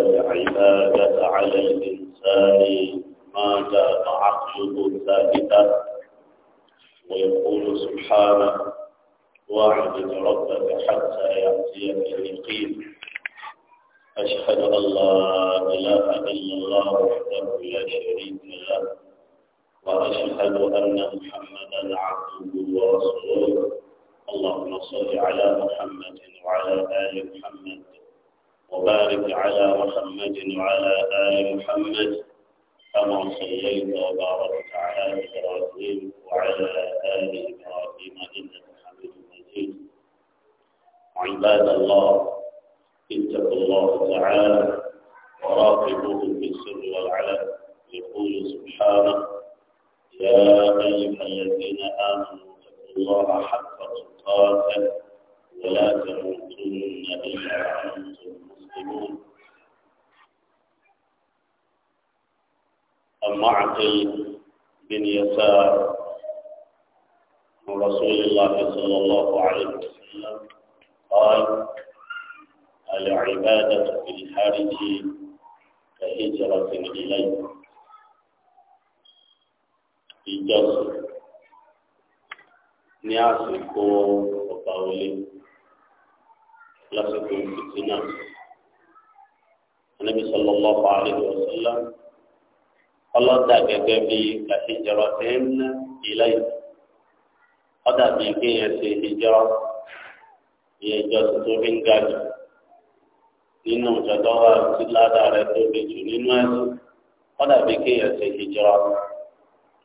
العبادة على الإنسان ما دام عقله ثابتا ويقول سبحانه واعبد ربك حتى يأتيك اليقين أشهد أن لا إله إلا الله وحده لا شريك له وأشهد أن محمدا عبده ورسوله اللهم صل على محمد وعلى آل محمد وبارك على محمد وعلى آل محمد كما صليت وباركت على إبراهيم وعلى آل إبراهيم إنك حميد مجيد عباد الله اتقوا الله تعالى وراقبوه في السر والعلن يقول سبحانه يا أيها الذين آمنوا اتقوا الله حق تقاته ولا تموتن إلا وأنتم المسلمين المعقل بن يسار رسول الله صلى الله عليه وسلم قال العبادة في الحرج كهجرة إليه في ní àsìkò ọba wọlé في fìtínà. anabi sallallahu alayhi wa sallam ọlọ́dà gẹ́gẹ́ bí kàṣíjọrọ ti ń ná ilé yìí ọ̀dà bí kéèyàn ṣe ìjọ ìyẹjọ tuntun fi ń ga jù nínú ìjọba wa ti ládàá rẹ tóbi jù nínú ẹ̀sìn ọ̀dà bí kéèyàn ṣe ìjọ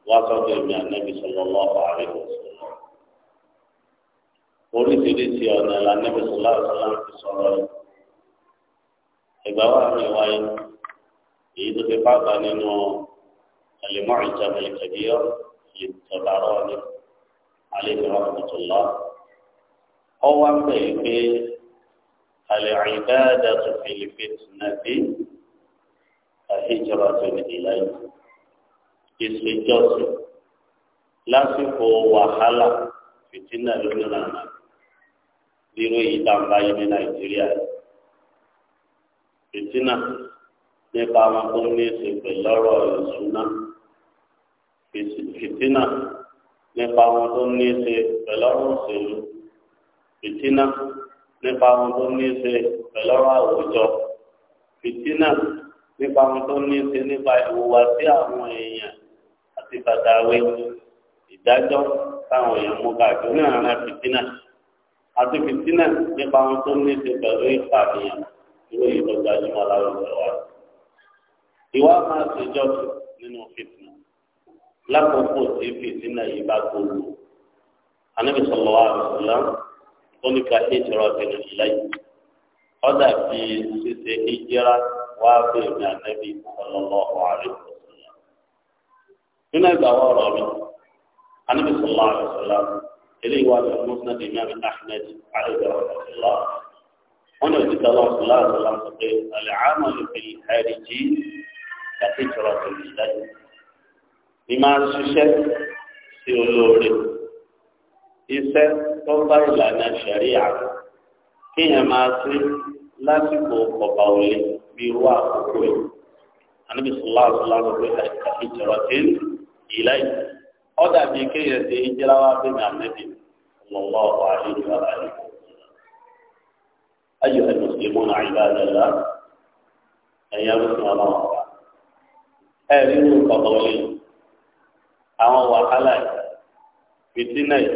wá sọ́dọ̀ èmi anabi sallallahu alayhi wa sallam oríṣiríṣi ọ̀nà la anabi sallallahu alayhi fi sọ̀rọ̀ yìí ìgbà wà ní wáyé èyí tó ti pàtà nínú àlèmọ́ ìjàmbá ìkẹ̀díyọ́ ìtọ̀bàrọ̀ ni àlejò rahmatullah ọwọ́ ń bẹ̀rẹ̀ pé al-ibadatu fil fitnati hijratun ilayhi ìṣèjọsìn lásìkò wàhálà fìtínà lónìí rànà bírò ìdàmbáyé ní nàìjíríà yìí fìtínà nípa àwọn tó ní ìsìn pẹ̀lú ọ̀rọ̀ ìṣúná fìtínà nípa àwọn tó ní ìsìn pẹ̀lú ọ̀rọ̀ òṣèlú fìtínà nípa àwọn tó ní ìsìn pẹ̀lú ọ̀rọ̀ àwùjọ fìtínà nípa àwọn tó ní ìsìn nípa ìhùwàsí àwọn èèyàn àti bàtàwé ìdájọ́ táwọn èèyàn mú káàkiri náà rárá àti fìtínà nípa àwọn tó ní ìsìn pẹ̀lú ìpànìyàn. irú èyí tó gbajúmọ̀ láwùjọ wa. ìwà máa ṣe jọ́sù nínú fìtìnà lákòókò tí fìtìnà yìí bá gbòòrò anábì sọlọ wa àrùsọlá ó ní ká ṣe ìṣòro ọ̀tẹ̀lẹ̀ ìlàyé ọ̀dà bí ṣíṣe ìjẹ́ra wá bèèrè ànábì sọlọ́lọ́ ọ̀hárẹ̀ nínú ìgbà wọ́n rọ̀ mí anábì mọ́sánà wọn ní òtítọ́ lọ pé àlẹ́ àmọ́ ló fi ẹ̀rí jí àti ìjọba tó lè dájú. ní máa ń ṣiṣẹ́ sí olóore iṣẹ́ tó bá ìlànà ṣẹ̀ríà kéèyàn máa ṣe lásìkò ọ̀pá òye bí irú àkókò yìí. àníbi pé àti ìlà ọ̀dà bíi kéèyàn ṣe أيها المسلمون عباد الله أيام الله أريد قضايا àwọn wàhálà yìí fìtínà yìí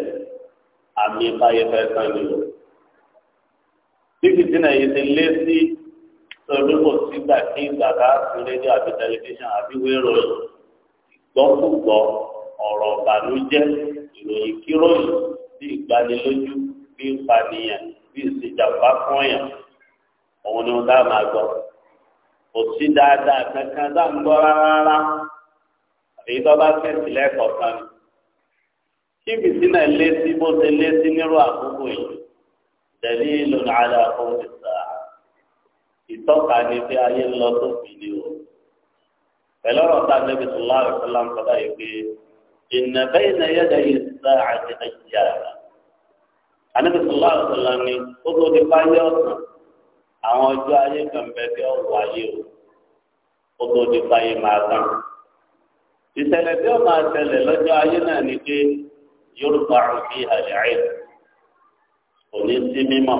àmì ìfàyẹfẹ san ni o bí fìtínà yìí ti lé sí sọdúnkò sígbà kí gbàgbá rédíò àti tẹlifíṣàn àti wéèrò ìgbọ́kùgbọ́ ọ̀rọ̀ ìbànújẹ́ ìròyìn kíròyìn bí ìgbanilójú bí ìpànìyàn bí ìsìjàmbá fún èèyàn òun ni wọn dá máa gbọ́ kò sí dáadáa kankan dá ń gbọ́ rárá èyí tó bá tẹ̀sí lẹ́kọ̀ọ́ kan ni kí bìsínà lé sí bó ṣe lé sí nírú àkókò yìí tẹ̀lé ìlànà àlẹ́ àkókò ìtọ́ka ni pé ayé ń lọ tó fi ni o pẹ̀lú ọ̀rọ̀ tá a lè fi sùn láàrín fúnlá ń sọ́dá yìí pé ìnàbẹ́yìn náà yẹ́ anábìsọ̀lá àtọ̀lá ni ó tó di fáyé ọ̀sán àwọn ọjọ́ ayé kan bẹ tí ó wà yé o ó tó di fáyé máa tán. ìṣẹ̀lẹ̀ tí ó máa ṣẹlẹ̀ lọ́jọ́ ayé náà ni pé yorùbá fi àlẹ́ àyè kò ní sí mímọ́.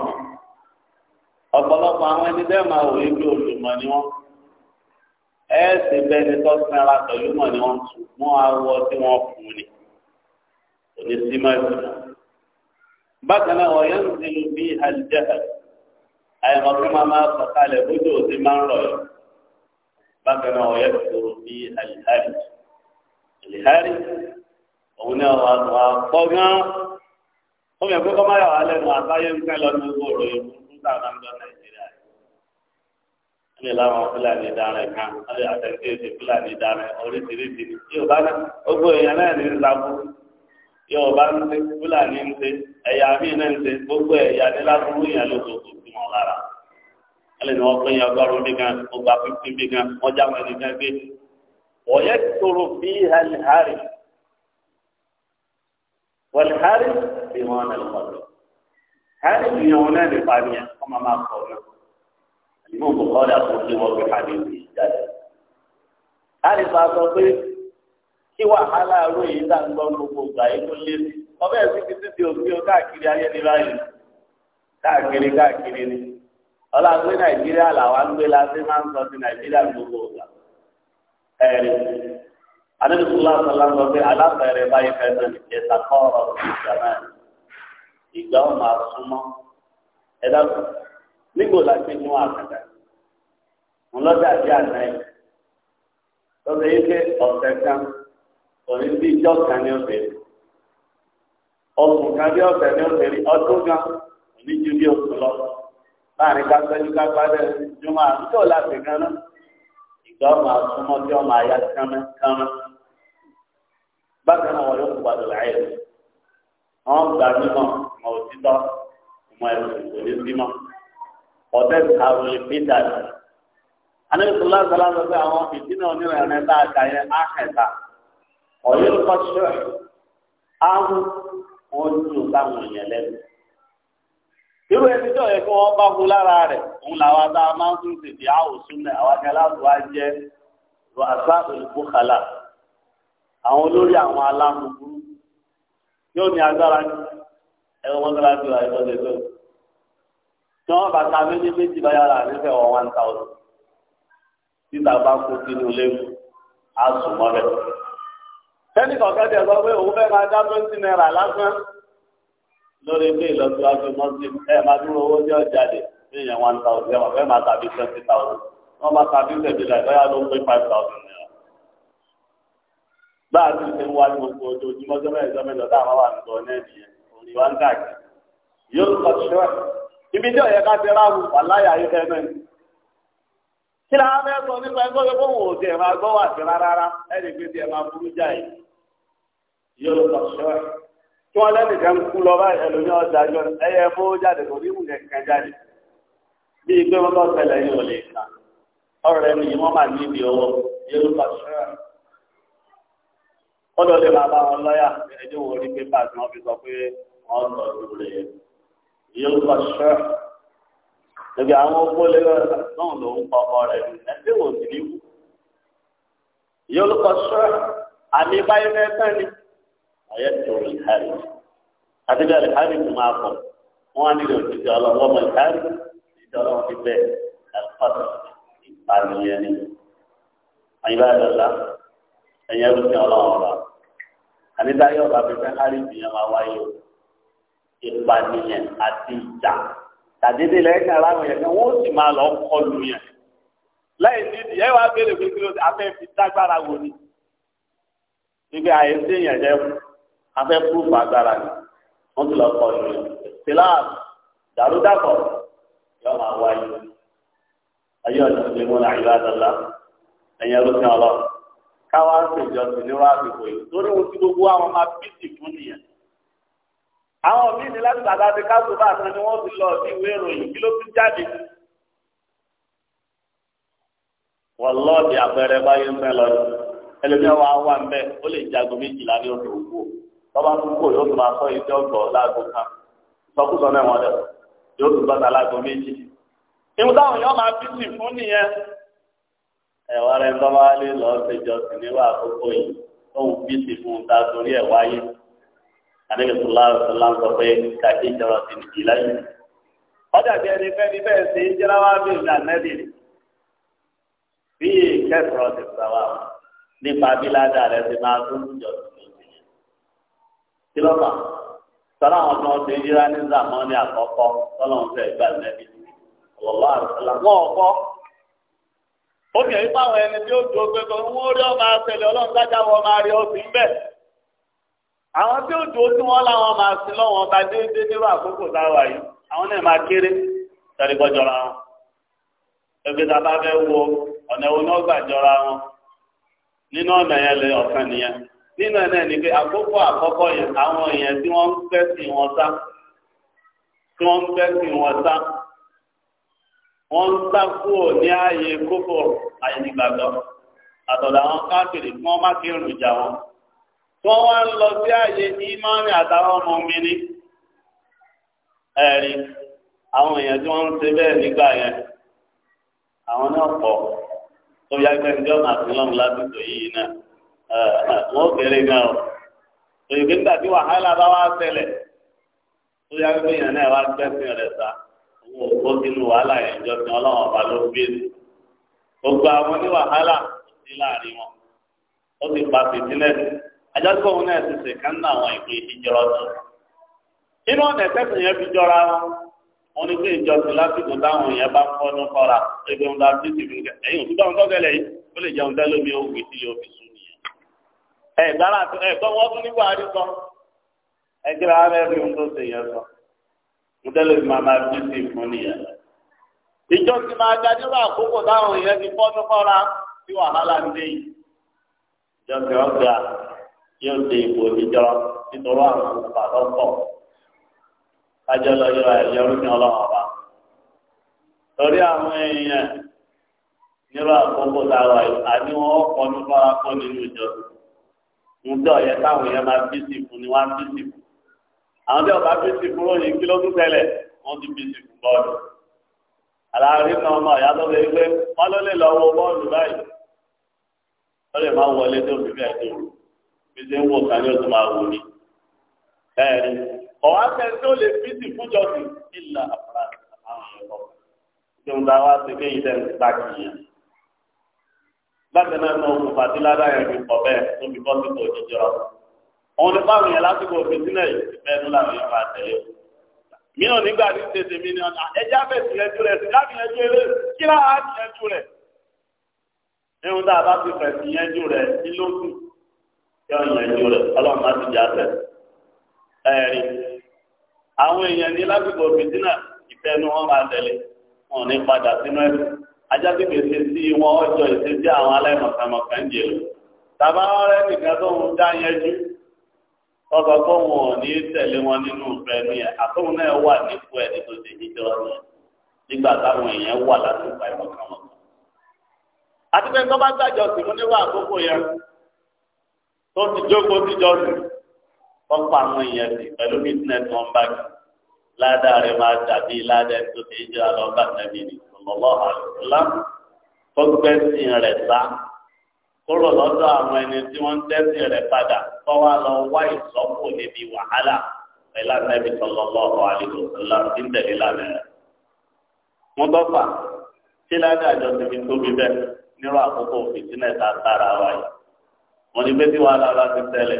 ọ̀pọ̀lọpọ̀ àwọn ẹni bẹ́ẹ̀ máa wò wípé olùmọ̀ ni wọ́n ẹ sì bẹni tó sinra pẹ̀lú mọ̀ ni wọ́n tún mọ́ àwọ̀ tí wọ́n fún ni kò ní sí mọ́ ìgbìmọ̀ bákan náà wọ́n yẹn ń sinmi bí àlùjáde àyẹ̀mọ̀ fún màmá sọ̀kalẹ̀ bójú òsì máa ń rọ̀ yọ bákan náà wọ́n yẹn kúrò bí àlìhárì àlìhárì òun náà wà tó wà pọ̀ gan ó yẹ kó kọ́má yà wà lẹ́nu àbáyé ń fẹ́ lọ ní owó òròyìn fún táwọn àgbà nàìjíríà ní làwọn fúlàní dára kan àti àtẹ̀síyèsí fúlàní dára oríṣiríṣi yóò bá ní gbogbo èèyàn náà ní ìlànà Yorùbá ń ṣe Fúlàní ń ṣe ẹ̀yà míì náà ń ṣe gbogbo ẹ̀yà ní lásìkò yẹn ló tó tó mọ́ lára ẹlẹ́ ni wọ́n pín yẹn ọgọ́rùn-ún bí gan gbogbo àfihàn bí gan wọ́n já wọn nìkan gbé wọ́yẹ tóró bí alihari wàlihari bí wọ́n nà lọ́dọ̀ hali ìyẹn wọn náà lè pa ní ẹ wọ́n máa máa kọ̀ ọ́ náà àdìmọ́ òkú kọ́ ọ́ dà tó ń ṣe wọ́n fi hali ìyẹn jáde hali bá sọ pé. kí wàhálà aró yìí dá ń lọ gbogbo ìgbà yìí tó lé sí ọbẹ̀ ẹ̀sìn ti òfin o káàkiri ayé ní báyìí káàkiri káàkiri ni ọlọ́gbé nàìjíríà làwa ń gbé láti máa ń sọ sí nàìjíríà gbogbo ìgbà ẹ̀rí adébísọ́lá sọlá ń sọ pé aláfẹ̀rẹ̀ báyìí ìjẹta kọ́ọ̀rọ̀ ìgbà ẹ̀dá nígbò láti mú àkàtà ńlọ́dà bí àná yìí yìí òní bí ìjọ kan ní obìnrin bí ọ̀sẹ̀ ní ọdún òní ju bí oṣù lọ láàrin kápẹ́lú kápẹ́lú jùmọ̀ àtúntò láti gánà ìgbà ọmọ àtúmọ̀ tí ọmọ àyà kánmẹ́ kánmẹ́ bákan náà wọ́n yóò padà láyé wọ́n gbà mímọ́ òtítọ́ ẹ̀rọ ọ̀yọ́ kọ́ṣọ́ ahùn wọn dúró sáwọn èèyàn lẹ́nu. irú ẹni tó yẹ kí wọ́n bá fún lára rẹ̀ òun làwọn tá a máa ń tún tètè àwòsùn náà àwọn akẹ́láàbò wa jẹ́ rọ̀ṣà olùkókàlà àwọn olórí àwọn alámùkú yóò ní agbára ẹ̀rọ wọn gbára bí wà ní ọdẹ tí wọn bàtà méjì méjì bá yára nífẹ̀ẹ́ wọn one thousand títà bá kú sínú léwu á sùn mọ́lẹ̀. sẹ́ni kọ̀ọ̀kan tẹ̀ sọ pé òun fẹ́ máa dá twenty naira lásán lórí ilé ìlọsíwájú mọ́sílẹ̀ ẹ̀ máa dúró owó tí ó jáde ní ìyẹn one thousand ẹ̀wọ̀n fẹ́ máa tàbí twenty thousand wọ́n máa tàbí ló ń five thousand naira. bá a ti ṣe ń wá ní gbogbo ojoojúmọ́ sọ́mọ́ ẹ̀sọ́ mẹ́jọ tá a wà nìkan náà òní kí la fẹ́ sọ nípa ẹgbẹ́ pé kóun ò tiẹ̀ máa gbọ́ wà sí rárá ẹni pé tiẹ̀ máa burú jáì yóò lọ sọ́ọ̀ tí wọ́n lẹ́nu kan kú lọ báyìí ẹlòmíọ́ dájọ́ ẹyẹ fó jáde kò ní ìwù kankan jáde bí ìgbé wọn lọ ṣẹlẹ̀ yìí ò lè kà ọ̀rọ̀ ẹni yìí wọ́n máa ní ibi yóò lọ sọ́ọ̀ ọ̀dọ̀ lè máa bá wọn lọ́yà ẹjọ́ wo pépà tí wọ́n fi sọ pé wọ́n sọ ìwúrẹ́ ẹgbẹ́ àwọn ọgbọ́n lẹ́yìn náà ló ń pọpọ rẹ̀ ẹgbẹ́ wò sí níwò. ìyá olùkọ́ sọ́ọ́ àmì báyìí mẹ́ta ni ọ̀yẹ́ tó rí hàrí. àti bí alìhárì tó máa pọ̀ wọ́n á nílò ìdíje ọlọ́wọ́ ọmọ ìhárì ìdíje ọlọ́wọ́ ti bẹ́ẹ̀ ẹ̀fọ́tò ìpànìyàn ni. àyìnbá ìdọ̀lá ẹ̀yẹ́ ló ti ọlọ́wọ́ ọ̀la. àníta yóò bá fi fẹ́ hárì ìpìyàn tàdédé lẹ́yìn ara wọn yẹn wọ́n sì máa lọ kọlù yẹn lẹ́yìn nídìí ẹ wá béèrè pé kí ló afẹ́ fi dágbára wò ni ibi àyè ń dènyẹn jẹ afẹ́ púrúfù agbára ni wọ́n ti lọ kọlù yẹn tìlá dàrúdàpọ̀ yọ máa wáyé ayé ọ̀dọ́ ti mú náà ìlú àdàlá ẹ̀yẹ lóṣù ọlọ́run káwá ṣèjọ́ sí ní wàá fi wòye torí wọn ti gbogbo àwọn máa bí àwọn míì ní láti bàbá bíi káàtó bá àtàn ni wọn ti lọ sí ìwé ìròyìn kí ló tún jáde. wọlọ́ọ̀dì àpẹẹrẹ báyé ń bẹ lọ́dún ẹlẹ́mìí wa wà ń bẹ ó lè jagun méjìlá ní òkú tó yóò sọ kan náà wọn yóò méjì. ìmú fún nìyẹn. àkókò yìí tóun fi fún un àdébí sọlá sọlá ń sọ pé káàkiri ìjọba ti ọjà bí ẹni fẹ́ni bẹ́ẹ̀ ṣe ń bí bí kẹsàn-án ti sáwà nípa jọ àwọn tó ń ṣe yíra ní àkọ́kọ́ fẹ́ gbà wọn ò kọ́ obìnrin fáwọn ẹni tí ó dúró pé kò ń rí ọmọ àwọn tí ó dùn tí wọ́n láwọn máa sin lọ́wọ́n bá déédéé nírú àkókò táwa yìí àwọn náà máa kéré tẹ̀lé wọn ẹgbẹ́ a bá fẹ́ wo ọ̀nà ìwọ náà gbàjọra wọn nínú ọ̀nà yẹn lè ni pé àkókò àkọ́kọ́ yẹn àwọn èèyàn tí wọ́n ń fẹ́ sí wọn sá tí wọ́n ń fẹ́ sí wọn sá wọ́n ń sá kúrò ní ààyè kókò àyè nígbàgbọ́ wọ́n wá ń lọ sí àyè ìmánì àtàwọn ọmọ mi ní. ẹ̀rí àwọn èèyàn tí wọ́n ń ṣe bẹ́ẹ̀ nígbà yẹn àwọn náà pọ̀ tó yá gbẹ̀ngàn àti lọ́mù lásìkò yìí náà wọ́n kéré náà òyìnbó nígbà tí wàhálà bá wá ṣẹlẹ̀ tó yá gbẹ̀ngàn èèyàn náà wá gbẹ̀sìn rẹ̀ sá owó òkú sínú wàhálà yẹn jọ sí ọlọ́wọ́n ọba ló gbé gbogbo àwọn láàrin wọn àjọṣepọ̀ òun náà ti sè kán náà àwọn ìpè ìjọra tó. inú ọ̀nà ẹ̀sẹ̀sẹ̀ yẹn fi jọra wọn wọn ní pé ìjọsìn lásìkò táwọn èèyàn bá ń fọnú kọra ẹgbẹ́ wọn láti ti fi kẹ ẹ̀yìn òtútù àwọn tọ́gẹ̀lẹ̀ yìí ó lè jẹun tẹ́lẹ̀ omi ó gbé sílé òfin sùn nìyẹn. ẹ gbára ẹ̀gbọ́ wọn tún nígbà àdí sọ ẹ kíra ara ẹ fi ohun tó ṣe yẹn sọ mọtẹlẹ fi máa máa fi sí ìfún nìyẹn. ìjọsìn máa ga nínú àkókò táwọn èèyàn ti fọnú kọra sí wàhálà ń dé yìí ìjọsìn ọ̀gá yóò ṣe ipò ìjọ nítorí àwọn ọba lọ́pọ̀ kájọ lọ yọ ẹ̀yọrú ní ọlọ́run ọba. torí àwọn èèyàn nírọ̀ àkókò táwa àní wọn ọkọ̀ nípa akọ́ nínú ìjọ. nígbà ọ̀yẹ́ táwọn èèyàn máa bí sí fún ni wọ́n á bí sí fún. àwọn tí ọba bí sí fún lóyìn kí ló tún tẹ́lẹ̀ wọ́n ti bí sí fún bọ́ọ̀lù. àlàáfíà náà ọmọ ìyá tó lè gbé wọ́n ló lè lọ wo bọ́ọ̀lù báyìí. wọ́n lè má wọlé tó fi bẹ́ẹ̀ tó rù bí ṣe ń wò ká ní oṣù máa wò ni ẹ̀rí ọ̀wá fẹ́ẹ́ tó lè fi sí fújọ́sì ìlà àfúrà àwọn ẹ̀kọ́. ṣé ń bá wá sí pé ìṣẹ́ ń gbà kìíyàn. bákan náà náà òkú fàtíládà yẹn fi pọ̀ bẹ́ẹ̀ tó fi bọ́ sípò jíjọ. òun ni báwọn yẹn lásìkò òfin sílẹ̀ yìí bẹ́ẹ̀ ló làwọn yẹn máa tẹ̀lé míràn nígbà tí tètè mi ni ọ̀nà ẹja fẹ̀sì ẹjú rẹ̀ sí láti ẹjú eré kí láà á ti ẹjú rẹ̀. ẹ̀hún tá a bá ti fẹ̀sì ẹjú rẹ̀ kí kí ọ̀yàn ju rẹ̀ ọlọ́run a jà sẹ̀. ẹ̀rí àwọn èèyàn ní lásìkò fìtínà ìfẹ́ ni wọ́n máa tẹ̀lé wọn ní padà sínú ẹ̀sìn ajásí gbèsè sí wọn ìṣesí àwọn ń tàbá nìkan tó ń dá yẹn wọn ò ní wọn nínú náà wà nípò ti nígbà táwọn èèyàn wà lásìkò sí níwọ̀ àkókò tó ti jókòó ti jọ́sìn wọ́n pa àwọn èèyàn sí pẹ̀lú business wọn bá kí ládàá rẹ̀ máa dàbí ládàá tó ti jẹ́ ọlọ́ba tẹ̀mí ni ọlọ́lọ́ àlùfọ́lá tó gbẹ́ sí rẹ̀ sá kúrò lọ́dọ̀ àwọn ẹni tí wọ́n ń tẹ́sí rẹ̀ padà tó wá lọ wá ìsọ́kù níbi wàhálà pẹ̀lú àtẹ́bí sọlọ́lọ́ àlùfọ́lá tí ń tẹ̀lé lánàá rẹ̀. wọ́n bọ́ fà sí ládàá àjọṣe fi tóbi bẹ́ẹ̀ nírọ̀ àkókò fìtínẹ̀ tára wáyé wọn ni bẹ́ẹ̀ tí wàhálà bá ti tẹ́lẹ̀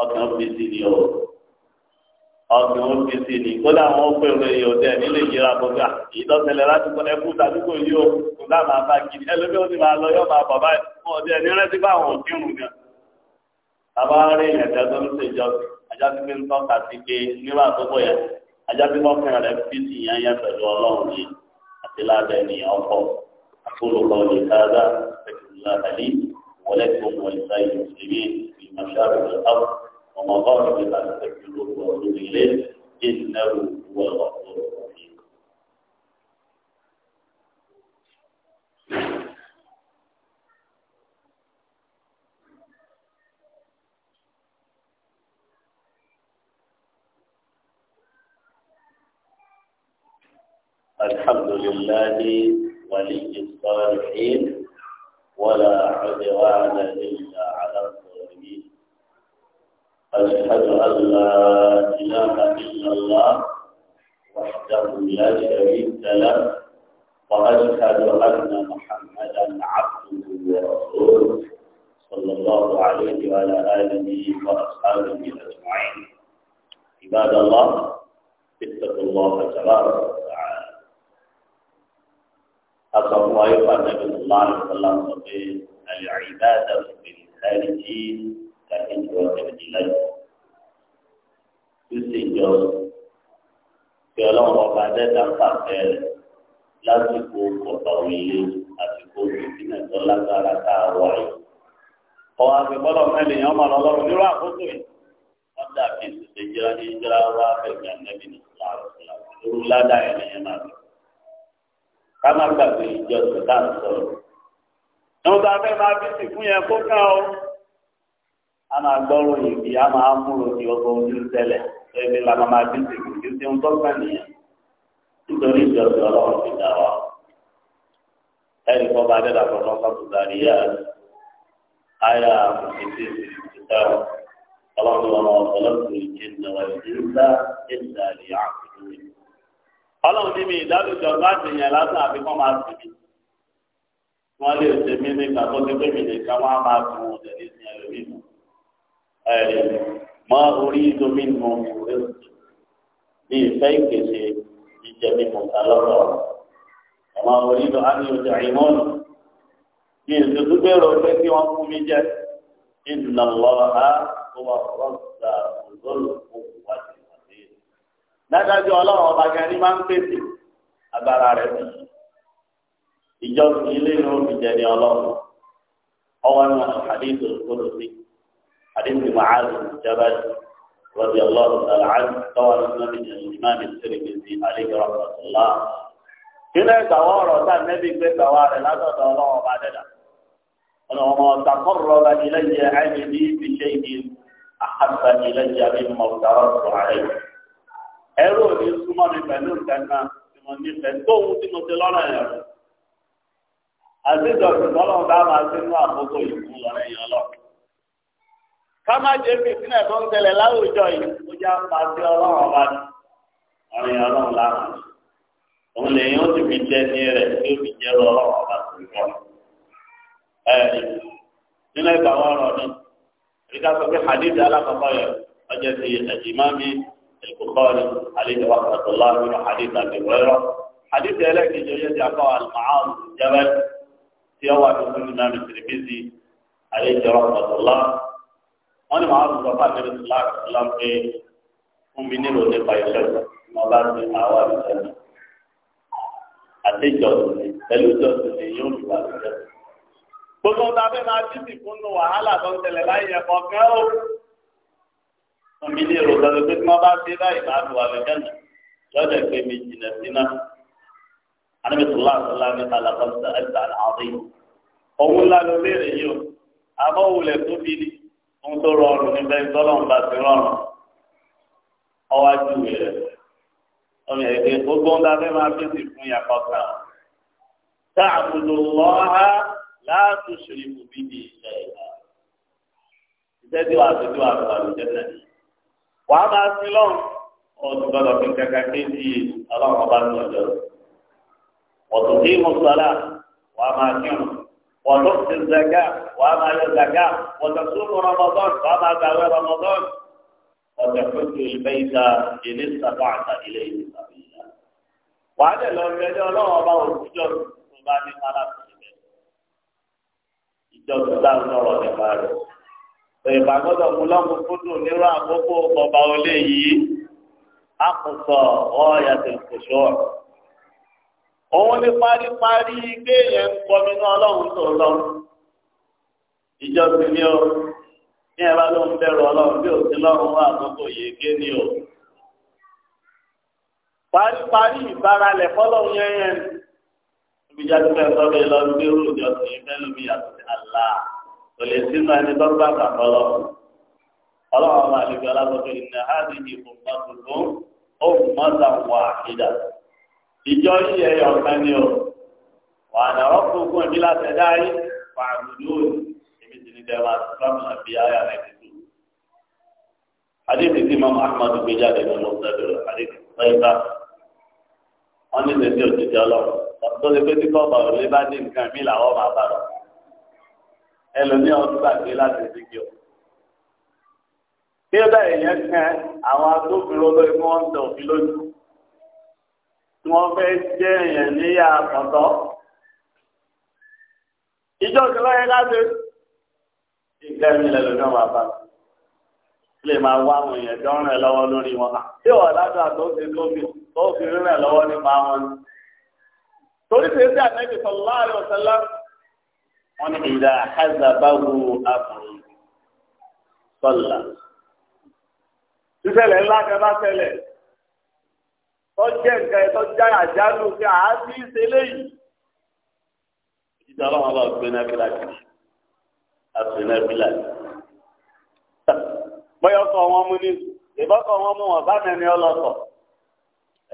ọkàn ọ́fíìsì ni o ọkàn ọ́fíìsì ni kódà wọn pè é yìí ọdẹ nílé ìyẹra bọgà èyí tó tẹ́lẹ̀ láti kọ ẹkú tàdúgbò yìí o kò dá máa bá kiri ẹlẹgbẹ́ ó ti máa lọ yọ máa bàbá ẹ ọdẹ ní rẹsí bá àwọn òkírun gan. bàbá rí ẹ̀dá tó ń ṣèjọ ajá tí ń tọ́ka sí pé nígbà tó yẹn ajá tí wọ́n ولكم ولسائر المسلمين في مشارق الأرض ومغاربها فاستغفروه وردوا إليه إنه هو الغفور الرحيم الحمد لله ولي الصالحين ولا عدوان إلا على الظالمين أشهد أن لا إله إلا الله وحده لا شريك له وأشهد أن محمدا عبده ورسوله صلى الله عليه وعلى آله وأصحابه أجمعين عباد الله اتقوا الله تبارك أصبوا أيضا النبي صلى الله عليه وسلم العبادة في الخارج كالهجرة إليه يسجد في الله وبعد ذلك lásìkò ọ̀tọ̀rọ̀ ilé àsìkò ìpínlẹ̀ tó lágbára tá a wà yìí. ọ̀wọ́ àgbẹ̀bọ́dọ̀ mẹ́lẹ̀ yẹn ọmọ ọlọ́run nírú àkókò yìí. wọ́n dàbí ìṣẹ̀ṣẹ̀ jẹ́ra ní jẹ́ra wá bẹ̀rẹ̀ àgbẹ̀bí ní ìlànà ìlànà lórí ládàá ẹ̀ lẹ́yìn máa fi ká má gbàgbé ìjọsìn tá à ń sọ̀rọ̀. ìwọ̀n tá a fẹ́ máa fi sìnkú yẹn kó kàn ó. a máa gbọ́rọ̀ ìbí a máa múlò ní ọgbọ́n ojú tẹ́lẹ̀ ẹgbẹ́ la máa fi sìnkú kí ṣe ń tọ́ka nìyẹn. nítorí ìjọsìn ọlọ́run ti dà wá. ẹnì kan bá dẹ́dà fọ́nà fásitì àyà òṣèlú ìtàwọn ọlọ́run ọ̀sán lọ́sùn ìjìnlẹ̀ wà ìjìnlẹ̀ ìjìnlẹ̀ àti àkùnrin ọlọ́run ní mi ìdálójọ bá tèèyàn lásán àbí kọ́ máa sì mí wọ́n lè ṣe mí nígbà tó ti pé mi nìkan wọ́n á máa sùn òun tẹ̀lé sí ẹlòmíì mọ́ ẹ̀rí mọ́ orí domi mọ́ ìwé ní ìfẹ́ ìkèṣe jíjẹ mímu ta ọmọ orí lọ á ní ojà ìmọ́nù ní ìṣètò gbèrò pé kí wọ́n fún mi jẹ́ ìnàlọ́ha tó wà rọ́ọ̀sà òdòlù òkú dájájú ọlọ́run ọba gan ni máa ń pèsè agbára rẹ̀ bí ìjọsìn ilé ní omi jẹni ọlọ́run ọwọ́ ní àdéhùn kúrò sí àdéhùn màálù ìjọba rọ̀bì ọlọ́run sàlàyé tọ́wọ́ nínú ìjọ ìmọ̀ mi sẹ́rẹ̀ mi sí àdéhùn ọ̀sọ̀lá. kílẹ̀ ìgbàwọ́ ọ̀rọ̀ sáà nẹ́bí gbé gbàwá rẹ̀ látọ̀dọ̀ ọlọ́run ọba dẹ́dà ọlọ́run ọ̀tàkọ́rọ̀ba ilẹ̀ yẹ ẹrú òní súnmọ́ mi pẹ̀lú nǹkan tí mo nífẹ̀ẹ́ tóun tí mo ti lọ́nà yẹn rẹ̀. àtijọ́ ìtọ́lọ́ bá máa ṣe ní àkókò lọ. ká má jẹ́ tó ń láwùjọ yìí ó já pa sí ọlọ́run ọba ni ọ̀rìn lára ó fi jẹ ní rẹ̀ tí ó fi jẹ́ ọlọ́run ọba tó ń bọ̀. ìgbà wọn rọ̀ ọjọ́ ti ẹ̀jì máa البخاري حديث رحمة الله من حديث أبي هريرة حديث إليك جوية عطاء المعاصي الجبل في أول مسلم الإمام الترمذي عليه رحمة الله وأنا معاذ وفاة النبي صلى الله عليه وسلم في أمني لو نبقى ما بعد من أعوام الجنة àtẹjọ sílẹ̀ pẹ̀lú ìjọ sílẹ̀ yóò fi wà lọ́jọ́. gbogbo ọ̀tá fẹ́ máa dídì fún wàhálà tó ń tẹ̀lé láyé ẹ̀kọ́ kẹ́ ó omi ní èrò kan pé tí wọn bá dé báyìí máa lu àlùjáde lọ́dọ̀ pé mi jìnnà síná anamisọlá àtọlá ní alakọsọ ẹgbà àdéhùn òun lanu léèrè yìí o àmọ́ òwúlẹ̀ tó bí ni ohun tó rọrùn ní bẹ́ẹ̀ ń bá ti rọrùn ọwọ́ àjùwé rẹ̀ ọmọ ẹgbẹ́ gbogbo ń dábẹ́ máa fèsì fún yàtọ̀ kan táàbùdù lọ́ha láti ṣèlú bíbí ìṣẹ̀lẹ̀ ìṣẹ́jú àti ìṣẹ́jú àti àlùjẹ́ náà wàá máa sin lọ́run ọdún gbọdọ̀ fi kankan kéjì ọlọ́run ọba ní ọjọ́ ọ̀tún tí mo sọ̀rọ̀ wàá máa kírun ọ̀tún ti zàgà wàá máa yọ zàgà ọ̀tún tó mú rọmọdọ́n wàá máa gbàwé rọmọdọ́n ọ̀tún tó ti ìbẹ́ ìta ìní sàbà àtà ilé ìlú sàbà ìlà wàá dẹ̀ lọ rí ẹjọ́ ọlọ́run ọba òkújọ́ tó bá ní kálá ìjọ tó dá lọ́rọ̀ nípa rẹ̀ ìgbà gbọ́dọ̀ mú lọ́kùn fúdù nírú àkókò ọba olè yìí àkùsọ̀ ọ̀ọ́yà tẹ̀síṣọ́. òun ní paríparí gbéyẹn ń kọmi ní ọlọ́run tó lọ. ìjọsìn ni ó ní ẹ̀rọ ló ń bẹ̀rù ọlọ́run bí òsín lọ́run wà àkókò yìí gé ní o. paríparí ìbáralẹ̀ fọlọ́run yẹn yẹn. ibi jáde fẹ́ sọ́dọ̀ ìlọrin bí irú ìjọsìn ìfẹ́ lómi yàtọ̀ sí Allah tòlè sínú ẹni tó bá kàkọ́ lọ. ọlọ́run ọba àlejò alágbọ́dọ̀ ìnà áàdì ní ìfòmọ́ tuntun ó mọ́ sàwọ́ àkídà. ìjọ yìí ẹ̀yọ̀ kan ni o wà á nàró gbogbo ẹ̀mí láti ẹ̀dá yìí wà á dúdú òní èmi sì ní bẹ́ẹ̀ máa tó ayà rẹ̀ tuntun. adébísí mọ́mọ́ ahmed gbé jáde nínú ọ̀sẹ̀dọ̀ adébísí sẹ́yìnbá wọ́n ní ní òjijì ọlọ́run ọ̀sán tó lè pé tí òrùlé bá ní nǹkan mí làwọn máa bá rọ̀ ẹlòmíì ọdún gbàgbé láti fídíò. bí ó bẹ̀rẹ̀ yẹn kan àwọn agbófinró lórí fún wọn tẹ òfin lójú tí wọ́n fẹ́ jẹ́ èèyàn níyà àkọ́tọ́. ìjọ kí ló yẹ láti ìgbà mi lẹ́nu náà máa bá lè máa wá àwọn èèyàn tó ń rìn lọ́wọ́ lórí wọn. tí wọ́n ládùn àtọ́sí tó fi tó fi rìn lọ́wọ́ nípa wọn. torí ṣe é sí sọ̀rọ̀ láàrin ọ̀sẹ̀ lọ́rùn wọn ní ìdá hazabahu amru sọlá sísẹlẹ ńlá kan bá ṣẹlẹ̀ tọjẹ nǹkan ẹ tọjá àjálù kí àábí ìṣẹ̀lẹ̀ yìí ìdá ọlọ́run ọba ògbé náà fi láti àti náà fi láti bóyá ọkọ wọn mú ní ìbọkọ wọn mú wọn bá mẹni ọlọsọ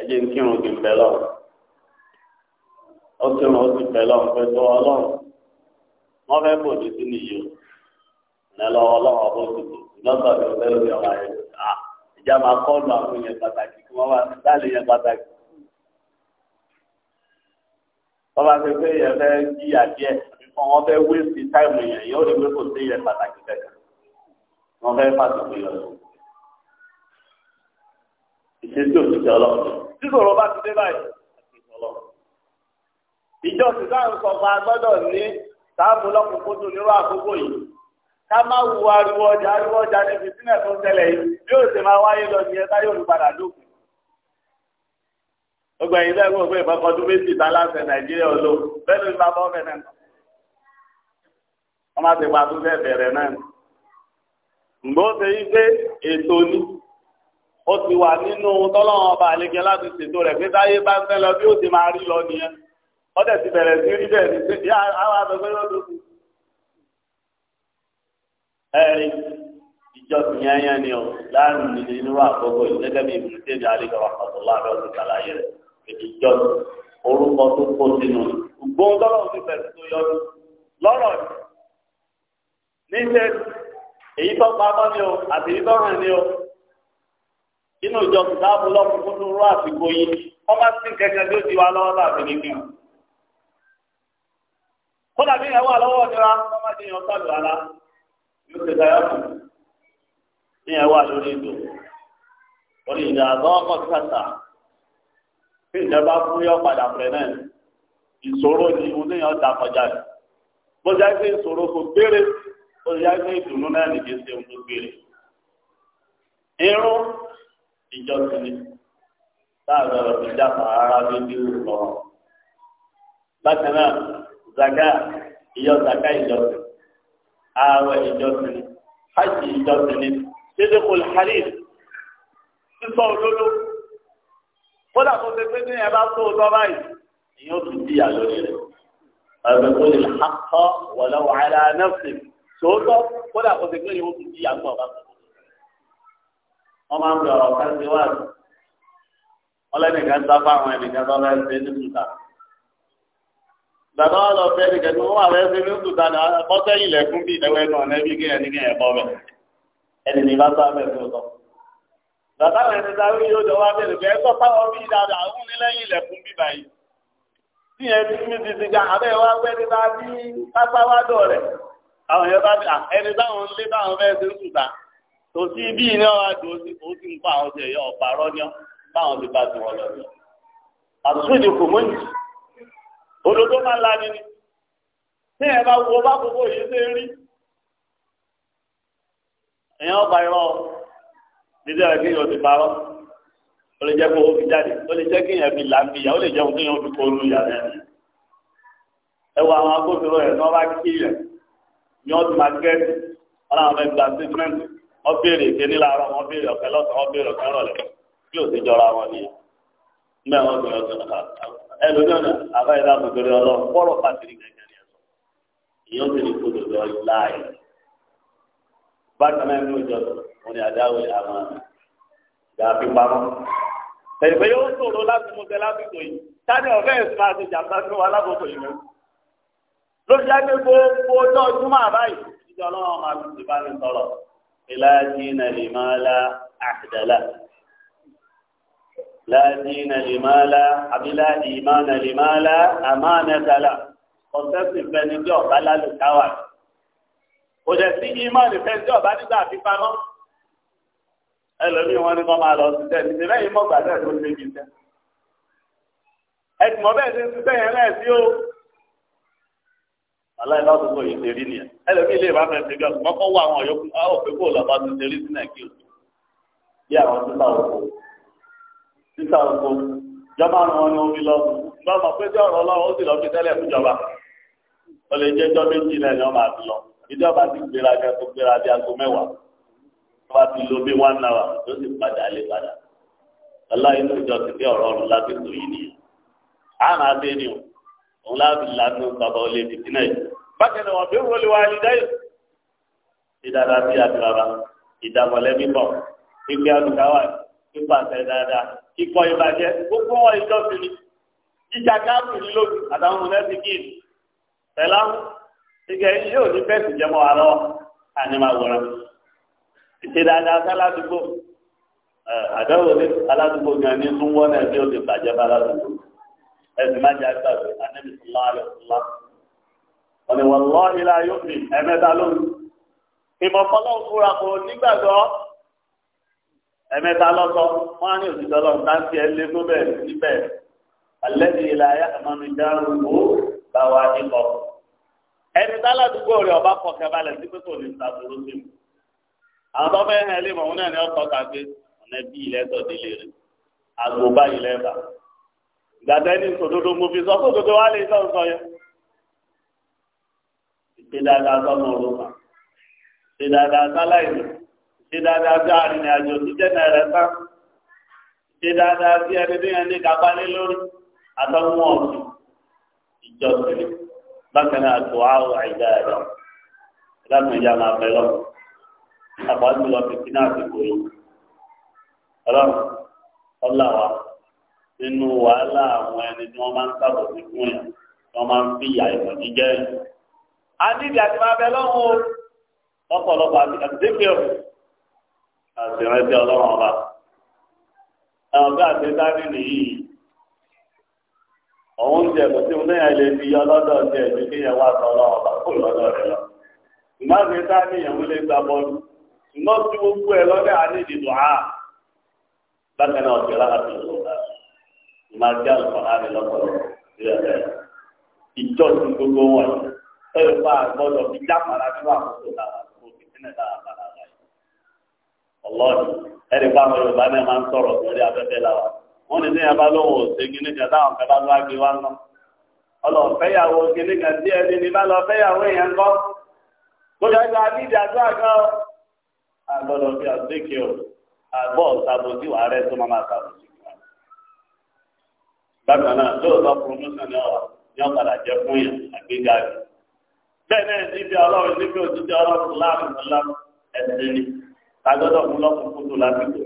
ẹjẹ ń kírun kí n bẹ lọ́run ó kírun ó sì bẹ lọ́run pé Ọlọ́run wọ́n fẹ́ bò ní sí nìyí o lẹ́lọ́ ọlọ́wọ́ bó ti bò lọ́sọ̀ ní ọ̀fẹ́ lórí ọ̀la yẹn à ìjà máa kọ́ lu àwọn yẹn pàtàkì kí wọ́n wá dáàlì yẹn pàtàkì. wọ́n bá fi pé yẹn fẹ́ jìyà díẹ̀ fún wọn fẹ́ wé sí táìmù yẹn yóò rí pé kò sí yẹn pàtàkì kẹ̀kẹ́ wọ́n fẹ́ fàtìkù yọ ìṣesí òṣìṣẹ́ ọlọ́run sísòro bá ti dé báyìí ìjọ sì ń sọ fún agbọ́dọ̀ ní táàbù lọ́kùnkúndùn nírú àkókò yìí ká má wu ariwo ọjà ariwo ọjà ní fìtínà tó ń tẹ̀lé yìí bí ó sì máa wáyé lọ ní ẹ̀ka yóò padà dókun. gbogbo ẹ̀yin bẹ́ẹ̀ gbogbo ìfọkàndún méjì tá láṣẹ nàìjíríà ọlọ bẹ́ẹ̀ ló ń bá bọ́ bẹ́ẹ̀ náà. wọ́n má ti pa àtúnṣe bẹ̀rẹ̀ náà. ǹgbọ́ ṣe yí pé ètò ni ó ti wà nínú tọ́lọ́wọ́n ọba àlejò láti ṣètò rẹ̀ pé táyé bá ń ọdẹ ti bẹ̀rẹ̀ sí rí bẹ́ẹ̀ ní pé yá àwọn abẹgbẹ yóò tó kù. ẹ̀rí ìjọsìn yẹn yẹn ni ọ láàrin nílé nínú àkókò yìí gẹ́gẹ́ bí ibùdó tèmi àlejò àpapọ̀ láàrin ọdún kàlàyé rẹ̀ èdè ìjọsìn orúkọ tó kó sínú tọ́lọ̀ ti bẹ̀rẹ̀ tó o àti èyí tó rìn ni o inú ìjọsìn táàbù lọ́kùnkún tó rú yìí sí tó ti wá lọ́wọ́ kódà bí ìyàwó àlọ́wọ́ nira ọmọ ti yàn sálù ara yóò ṣe dáyà fún ní ìyàwó àlórí ìdò orí ìdá àgọ́kọ̀ kàtà bí ìjọba fún yọ padà pẹ̀ náà ìṣòro ni mo ní yàn dà kọjá rẹ̀ bó ṣe àìsí ìṣòro kò gbére bó ṣe àìsí ìdùnnú náà nìgbé ṣe ń gbére irun ìjọsìn ni láàrin ìjà kan bí bí ó lọ bákan náà zaka ìyọ zaka ìjọsìn ààwẹ̀ ìjọsìn hajj ìjọsìn ni dédé kòlì harir sísọ olólo kódà tó ṣe pé ní ẹ bá tó o tọ́ báyìí ìyẹn ó tún di àlọ́ rẹ̀ ẹ̀rọ kòlì hakọ́ wọlé wàhálà nẹ́fì tòótọ́ kódà tó ṣe pé ní o tún di àgbọ̀ bá tó wọ́n máa ń bẹ̀rọ̀ ọ̀ká sí wáàdì ọlẹ́nìkan sáfà àwọn ẹnìkan tó bá ń ṣe ní bàbá wa lọ fẹ́ nìkan tó wà fẹ́ sẹ́yìn lóṣù tani bọ́sẹ̀ ilẹ̀kùn bíi ìdẹ́wẹ́ náà nẹ́bí kéèyàn ní kéèyàn bọ́ bẹ̀ ẹni ní bá sọ abẹ́ tó sọ. bàbá rẹ̀ ti darí yóò jọ wá bẹ̀rẹ̀ bẹ́ẹ̀ sọ fáwọn bíi dáadáa àwọn onílẹ̀yìn ilẹ̀kùn bíi báyìí. tí yẹn ti mi ti ti ga abẹ́ wa pẹ́ ní bá bí pápáwádọ̀ rẹ̀ àwọn yẹn bá ẹni táwọn lé táwọn fẹ́ ṣe ń sùta tò sí bí iná wa dùn ó sì ń pa àwọn ti ẹ̀yọ ọ̀pá òdodo máa ń lani ni tí ẹ bá wo bá gbogbo yìí ṣe rí èèyàn ọba irọ́ dídí ẹ̀rọ kéèyàn ti parọ́ ó lè jẹ́ kó o fi jáde ó lè jẹ́ kéèyàn fi là ń fi yà ó lè jẹun kéèyàn fi kó olú yà lẹ́nu ẹ wo àwọn agbófinró yẹn tí wọ́n bá kí yẹn ni wọ́n ti máa gẹ́ẹ̀tì wọ́n làwọn fẹ́ gba statement wọ́n béèrè kéde láàárọ̀ wọ́n béèrè ọ̀kẹ́ lọ́sàn-án béèrè ọ̀kẹ́ rọ̀lẹ́ bí ò ti jọra wọn nìyẹn mbẹ́ wọn ti yọ ẹlòmíràn náà àbá ìlà gbogbo ọlọ́run kọ́rọ̀ pàtìrì gẹ́gẹ́ ni ẹ̀sọ́ ìyẹn ti ní kódò lọ láàyè bákan náà ní ìjọ òní àdáwò àwọn gàfi pamọ́ tẹ̀síwé yóò ṣòro láti mú tẹ lásìkò yìí táni ọ̀fẹ́ ẹ̀sùn máa ti jàmbá sí wa lábòkò yìí lórí jáde gbogbo ọjọ́ ìjúmọ̀ máa ti bá láàdínà lèmọ́lá àbílá ìmánà lèmọ́lá àmánàtàlà ọ̀sẹ̀sì fẹ́ni tí ọ̀bá lálùkáwà kò jẹ́ sí ìmánì fẹ́ni tí ọ̀bá nígbà fífamọ́ ẹlòmíì wọn ni kọ́ máa lọ sí tẹ́lẹ̀ ìṣẹ̀lẹ̀ yìí mọ̀gbà tẹ̀ tó ṣe bí tẹ́ ẹtùmọ̀ bẹ́ẹ̀ ṣe ń ṣiṣẹ́ yẹn náà sí o aláìlá tó kọ̀ yìí ṣe rí nìyẹn ẹlòmíì lè bá fẹ́ ṣe bí ọ̀sùn mọ́kọ́ wọ àwọn ọ̀yọ́kùn á ò pé kó lọ́ba tó ṣe rí sí nàìjíríà bí àwọn tó bá wọ̀ títà oko ìjọba àrùn wọn ni omi lọ bá ọmọ pé tí ọ̀rọ̀ ọlọ́run ó sì lọ fi tẹ́lẹ̀ fún ìjọba ó lè jẹ́ ọjọ́ méjì náà ni wọ́n máa fi lọ ìjọba ti gbéra bí aago gbéra bí aago mẹ́wàá tó bá ti lo bí one hour tó sì padà lé padà ọláyé ló jọ sí pé ọ̀rọ̀ ọ̀run lásìkò yìí nìyẹn àmà abẹ́ni o òun láàbì lánàá bàbá olè bìtì náà yìí bákan náà wọ́n fi wa ní ìdára bí abiraba ìdàmọ̀lẹ́bí bọ̀ pípẹ́ àdùkáwà pípa àtẹ dáadáa ikọ̀ ìbàjẹ́ gbogbo wọn ìjọsìn ni jíjà káàbù ní lòdì àtàwọn ọmọ náà ti kí ìlú pẹ̀lú àwọn ìgbà yìí yóò ní bẹ́ẹ̀sì jẹmọ́ wa lọ́wọ́ àní máa wọ̀rọ̀ ìṣe dáadáa sí aládùúgbò àdáwò ní aládùúgbò gan ní tún wọ́n náà bí ó ti bàjẹ́ bá aládùúgbò ẹ̀sìn má jẹ́ àgbàdo àníbi sùnmọ́ àlẹ́ sùnmọ́ wọn ni ilá yóò fi ẹ̀mẹ́ta lónìí ìmọ̀ ẹ̀mẹ́ta lọ́sọ wọn á ní òṣìṣẹ́ ọlọ́run tá ń fi ẹ lé tó bẹ́ẹ̀ síbẹ̀ alẹ́bí ilà ayé àmọ́nu dáró ó bá wa níkọ. ẹni táládùúgbò rẹ̀ ọba kọ̀kẹ́ balẹ̀ sí pé kò ní sàbúrú sí mu. àwọn tó fẹ́ hẹ́ lé mọ̀ wọn náà ní ọkọ̀ kàgbé ọ̀nà bí ilẹ̀ tọ̀ délé rẹ̀ àgbo bá ilẹ̀ ìgbàdá ní sòdodo mo fi sọ fún wa lè sọ sọ ṣe dáadáa sí àrìnrìn àjò títẹ́ náà rẹ̀ tán ṣe dáadáa sí ẹni tí yẹn ní kápá lé lórí àtọ́wọ́n ọ̀sìn ìjọsìn bákan náà tó àwọn àìdá ẹ̀rọ láti ìyá máa bẹ lọ àpáàtì lọ fi sínú àsìkò yìí ọlọ́run ọlá wa nínú wàhálà àwọn ẹni tí wọ́n máa ń sábò sí fún yẹn tí wọ́n máa ń fi ìyà ìmọ̀ jíjẹ́ yẹn. àti máa bẹ lọ́wọ́ ọ̀pọ̀lọpọ̀ àti àti dèkè àtìrántí ọlọ́run ọba ọgá àti dání nìyí òun jẹ kò sí ní ẹlẹ fi ọlọ́dọ̀ ti ẹ̀mí kí yẹn wá sọ ọlọ́run ọba kó lọ́dọ̀ rẹ lọ ìmọ̀ àti dání yẹn wọlé gba bọ́ọ̀lù ìmọ̀ tí gbogbo ẹ lọ́dẹ̀ àní ìdìbò á bákan náà ọ̀gá láti lò ó ìmọ̀ àti àlùfọ̀ á ní lọ́pọ̀lọpọ̀ sílẹ̀ bẹ́ẹ̀ ìjọ́sìn gbogbo wọn ẹ̀ fà gbọ́dọ̀ ọlọ́ọ̀dì ẹ̀rí fáwọn yorùbá náà máa ń sọ̀rọ̀ lórí afẹ́fẹ́ làwà wọ́n ní sẹ́yìn táwọn bá lọ́wọ́ wá ọlọ́ọ̀fẹ́yàwó tí ẹni ní bá èèyàn àbídì àdúrà kan àgbọ̀dọ̀ o àgbọ̀ ṣàbòsí wàá rẹ̀ tó máa ṣàbòsí. bákan náà lóòótọ́ promotion ni ọ̀wà ni wọ́n padà fún yàn àgbéga rẹ̀. bẹ́ẹ̀ náà ní ibi ọlọ́run tagbọ́dọ̀ mú lọ́kùnkúndùn lásìkò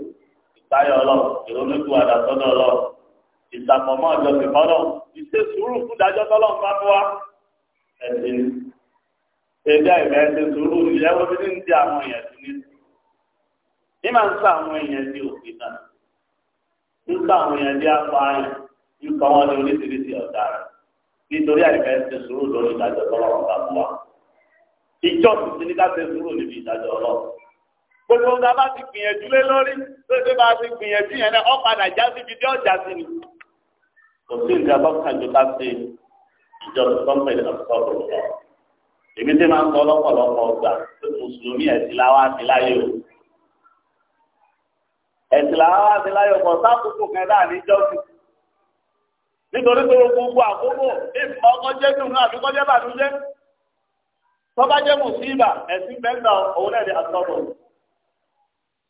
ìtayọ̀ ọlọ́run ìrònúkú àdàsọ́dọ̀ ọlọ́run ìsàpọ̀mọ́ ọ̀jọ̀sìn kọ́lọ̀ ìṣe sùúrù fún dájọ́ tọ́lọ́ ń bá fún wa ẹ̀sìn ẹgbẹ́ ìgbà ẹ̀sìn sùúrù ìyẹ́wò bí ní ti àwọn èèyàn sí ní. ní máa ń sá àwọn èèyàn di òfin náà ń sá àwọn èèyàn di apáyàn ń kọ́ wọn ní oríṣiríṣi ọ̀daràn nítorí àìfẹ́ ẹ̀sìn sùúrù lórí ìdájọ́ tọ́lọ́ ń bá fún wa. ìjọ́sìn gbogbo ń bá ti gbìyànjú lé lórí lórí bá ti gbìyànjú yẹn náà ọ̀padà já sí ibi tí já sí ni. kò sí ìgbà bá kàjọ ká ṣe ìjọba tó ń pèlè ọ̀pọ̀ òṣìṣẹ́. èmi tí máa ń sọ lọ́pọ̀lọpọ̀ ọgbà pé mùsùlùmí ẹ̀sìn láwa ti láyé o. ẹ̀sìn láwa ti láyé o kò sákòókò kan dáa níjọ́ sí. nítorí pé gbogbo àkókò ìfọ̀ ọkọ̀jẹ́ dùn náà àbíkọ́jẹ́ bàdújẹ́. tọ́bajẹ́ mùsíbà ẹ̀sìn bẹ́ẹ̀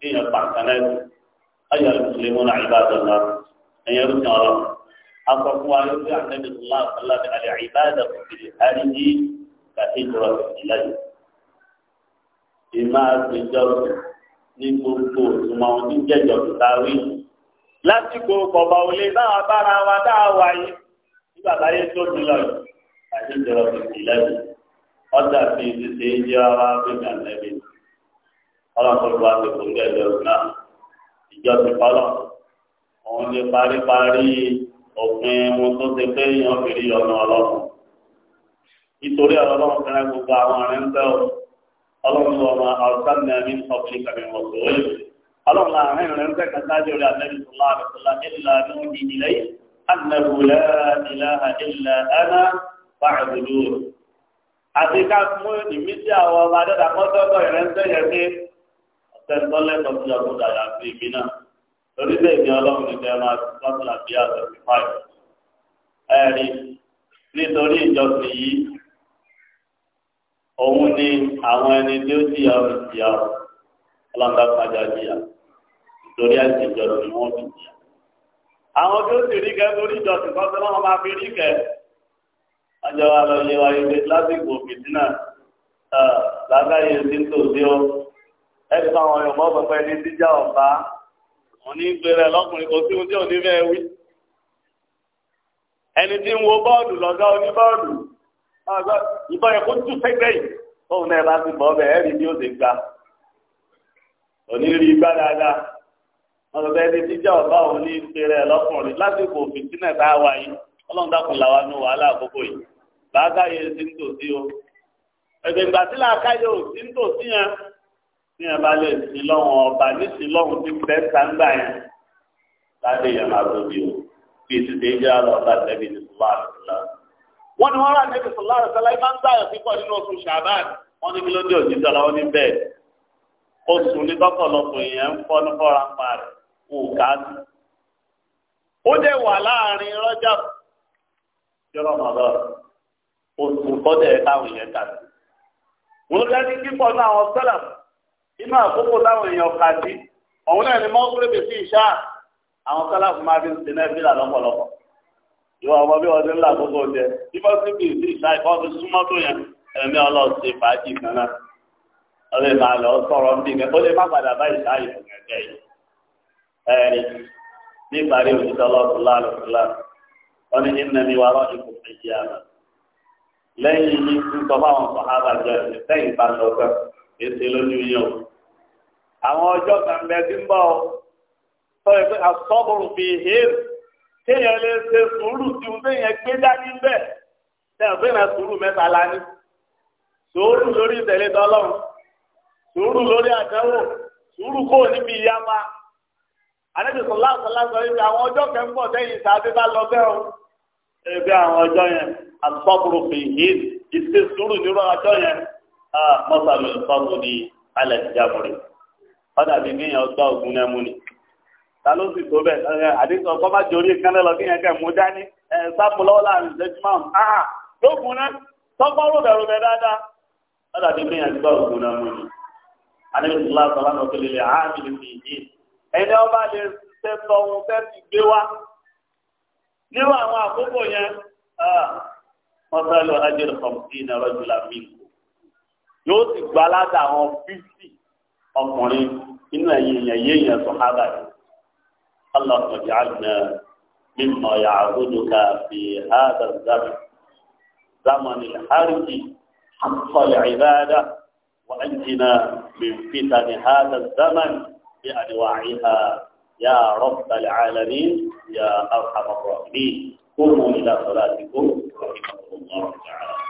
kéèyàn pàṣẹlẹ́tì ayọ̀ mùsùlùmí náà ìbádọ́lá ẹ̀yẹ rúkìn ọ̀rọ̀ akọ fún wa yóò fi àtẹ́bí sọlá sọlá bí alẹ́ ìbádọ́ fìdí àríyí kàtí ìjọba ìlẹ́yìn. ìmọ̀ àgbẹjọ́ ní gbogbo ìtumọ̀ oníjẹ́jọ́ ìtàwí lásìkò kọ̀ọ̀bà òlé náà bára wa dáa wáyé nígbà táyé tó ti lọ yìí kàtí ìjọba ìlẹ́yìn ọ̀dà bíi ti ṣe é jẹ́ ara fún ìgbà ọlọ́run wa ti fún gẹ̀ẹ́dẹ̀ ọ̀gá ìjọ ti kọ́lọ̀ òun ti paríparí òfin wọn tó ti pé yàn fi rí ọ̀nà ọlọ́run nítorí ọlọ́run fẹ́rẹ́ gbogbo àwọn arẹ́ńtẹ́ o ọlọ́run lọ ma ọ̀sán ní ẹni ọ̀fìn kàmí ọ̀sọ̀ òye ọlọ́run láàrin rẹ̀ńtẹ́ kan sáájú rẹ̀ àlẹ́bí sọlá àbẹ̀sọlá ìlà ní òdì ìdílé ànàbù lẹ́ẹ̀dìláhà ìlà ẹ̀nà fàgbùdù àti ká mú ìmísí àwọn ọmọ adẹ́dàmọ́tọ́tọ́ tẹ̀sán lẹ́tọ̀ọ́ sí ọdún dàyà sí ìbí náà torí bẹ́ẹ̀ ni ọlọ́run ní kẹ́ máa sọ́tù àbí àtẹ̀sí fáì. ẹ̀rí nítorí ìjọsìn yìí òun ni àwọn ẹni tí ó jìyà ọ̀rọ̀ jìyà ọ̀rọ̀ ọlọ́run bá pàjá jìyà torí àìsàn ìjọsìn wọn fi jìyà. àwọn tó sì rí kẹ́ torí ìjọsìn kan tí wọ́n máa fi rí kẹ́ ọjọ́ wa lọ yẹ wa yẹ lásìkò fìdí náà lágbáyé tí ń tò ẹni táwọn Yorùbá ọ̀pẹ̀pẹ̀ ní jíjà ọ̀bá òní gbèrè lọ́kùnrin kò sí ohun tí òní fẹ́ wí. ẹni tí ń wo bọ́ọ̀dù lọ́gá oníbọ́ọ̀dù ìbọn ẹ̀kọ́ tù sẹ́gbẹ́ yìí tóun náà bá ti bọ́ bẹ́ẹ̀ ẹ̀rí ni ó ti gba òní rí igbá dáadáa wọn lọ bẹ́ẹ̀ ní jíjà ọ̀bá òní gbèrè lọ́kùnrin lásìkò fìtínà tá a wà yìí ọlọ́run dákun làwa ní wàhálà àkókò yìí làákàyè ti ń tòsí o ẹ̀gbẹ̀ngbà tí làákàyè ò ti ń tòsí yẹn ní ẹ bá lè sin lọ́wọ́n ọba nísìn lọ́wọ́n ti bẹ́ sáńgbà yẹn láti yẹn máa tóbi o bíi ti dé jẹ́ àlọ́ ọba tẹ́bi ní sùlá àtúnlá. wọ́n ní wọ́n rà níbi sùlá àtúnlá yìí máa ń gbàyàn pípọ̀ nínú oṣù ṣàbán wọ́n ní kí ló dé òjì tọ́lá wọn ní bẹ́ẹ̀. oṣù ní tọ́kọ̀lọpọ̀ èèyàn ń fọ́ ní fọ́ra ń pa rẹ̀ wò ká sí. ó dẹ̀ wà láàrin rọ́jà jọ́rọ̀ mọ́ inú àkókò táwọn èèyàn kà sí ọ̀hún náà ni mọ́kúrèbè sí ìṣá àwọn kálàfù máa fi ń sin náà fílà lọ́pọ̀lọpọ̀ ìwà ọmọ bí wọ́n ti ń là àkókò jẹ bíbọ́ sí bí sí ìṣá ìfọ́ fi súnmọ́ tó yẹn ẹ̀mí ọlọ́run ti fàájì kan náà ó lè máa lọ sọ̀rọ̀ ń bì kẹ́ ó lè má padà bá ìṣá ìfọ̀kẹ́kẹ́ yìí ẹ̀rí níparí òṣìṣẹ́ ọlọ́ọ̀tún láàrúnlá wọn ní ìnáni wa lọ́ọ̀dìkù méjì àná lẹ́yìn yìí ń sọ fáwọn sọ̀hábà jẹ́ lẹ́yìn ìbálòpọ̀ èsì lójú yìí o àwọn ọjọ́ kan bẹ tí ń bọ̀ ọ́ sọ̀rọ̀ pé àsọ́bùrù fi hẹ́ẹ̀ kéèyàn lè ṣe sùúrù tí wọ́n fẹ́yàn gbé dání bẹ́ẹ̀ tẹ̀wọ́n fẹ́yàn sùúrù mẹ́ta la ní sùúrù lórí ìtẹ̀lé tọ́lọ́run sùúrù lórí àtẹ́wò sùúrù kò níbi ìyá máa àlejò sọlá sọlá sọ yìí àwọn ọjọ́ kẹ́ńpọ̀ sẹ́yìn ìsàbí bá lọ bẹ́ẹ̀ o. ebi àwọn ọjọ́ yẹn asọ́bùrù fìhí ìṣe sùúrù nírú ọjọ́ yẹn ah, mọ́sálù ìfọ́nù ní alẹ́ ìjábọ̀rẹ̀ ọ̀dà bíi kéèyàn gbá ògùn náà mú ni ta ló sì tó bẹ́ẹ̀ àdéhùn ọkọ má jorí ìkánlẹ̀ lọ kéèyàn kẹ́ mú dání ẹ̀ sáàpù lọ́wọ́ láàrin ìṣẹ́jú márùn-ún áhà lóògùn náà tọ́kọ́ rúbẹ̀rúbẹ̀ dáadáa ọ̀dà bíi kéèyàn gbá ògùn náà mú ni àdéhùn ìṣẹ́lá sọ̀rọ̀ náà tó lè lè áàmì lè fi yé ẹni ọba lè ṣe tọ̀hún fẹ́ ti gbé wá nírú àwọn àkókò yẹn wọ́n fẹ́ lọ náà rọ́jùlá mí yóò sì gbá ọkùnrin inú ẹ̀yìn èèyàn yé èèyàn sọ ha báyìí aláàfin ìyá àgbà mímọ ìyá àgójọ ká fi ha dà zámi زمن الحرب حق العبادة وأنجنا من فتن هذا الزمن بأنواعها يا رب العالمين يا أرحم الراحمين قوموا إلى صلاتكم رحمكم الله تعالى